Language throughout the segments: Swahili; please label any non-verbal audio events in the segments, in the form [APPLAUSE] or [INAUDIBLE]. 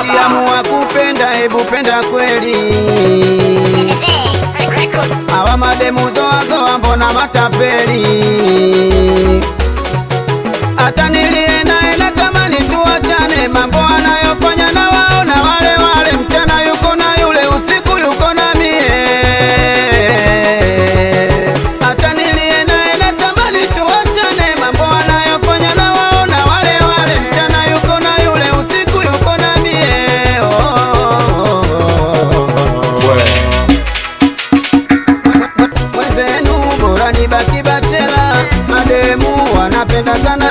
Ukiamua kupenda hebu penda kweli. Hawa mademu zoazoa mbona matapeli? Hata nili baki bachela, mademu wanapenda sana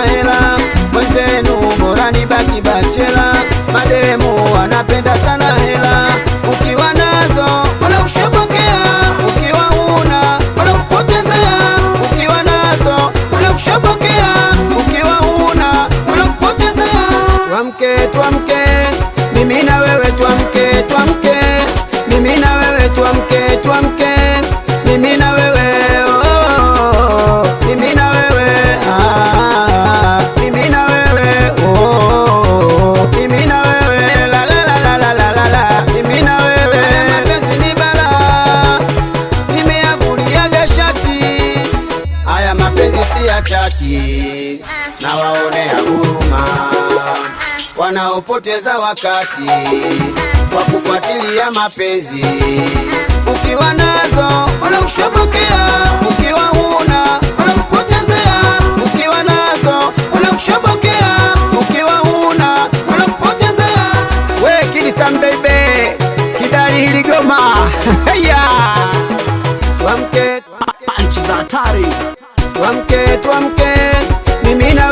yake na waonea huruma wanaopoteza wakati kwa kufuatilia mapenzi. Ukiwa nazo wanakushobokea, ukiwa huna wanakupotezea. Ukiwa nazo wanakushobokea, ukiwa huna wanakupotezea. We kidisam bebe kidali goma [LAUGHS] yeah. Wamke nchi za hatari tuamke tuamke mimina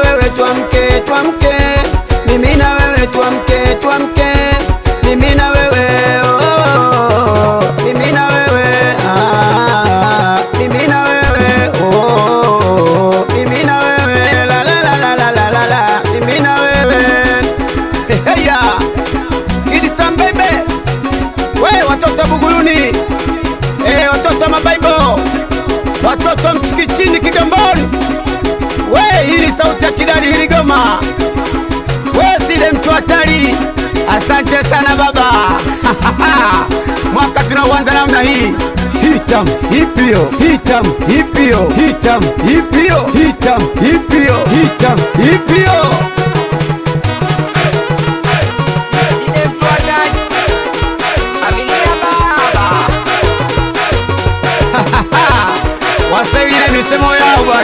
Chomboni we, hili sauti ya kidari, hili goma we, sile mtu hatari. Asante sana baba [LAUGHS] mwaka tunauanza namna hii hitam hipio hitam hipio hitam hipio hitam hipio hitam hipio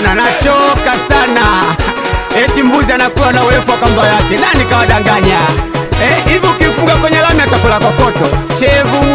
bwana, nachoka sana. Eti mbuzi anakuwa na urefu wa kamba yake, nani kawadanganya? Eh, hivi eh, ukifunga kwenye lami atakula kokoto chevu